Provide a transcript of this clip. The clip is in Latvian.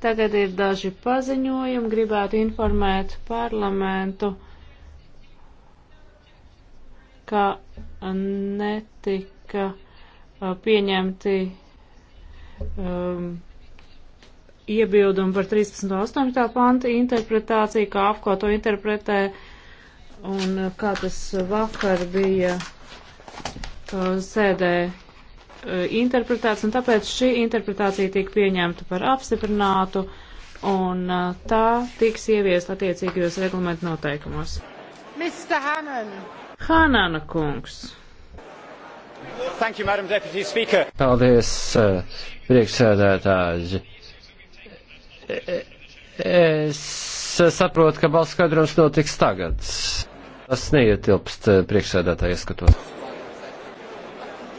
Tagad ir daži paziņojumi, gribētu informēt parlamentu, ka netika pieņemti um, iebildumi par 13.18. panta interpretāciju, kā apko to interpretē un kā tas vakar bija sēdē E, interpretēts, un tāpēc šī interpretācija tiek pieņemta par apstiprinātu, un e, tā tiks ieviest attiecīgajos reglamentu noteikumos. Mr. Hannan. Hanana kungs. Thank you, Madam Deputy Speaker. Paldies, e, priekšsēdētāji. Es saprotu, ka balss skaidrums notiks tagad. Tas neietilpst priekšsēdētāja ieskatos.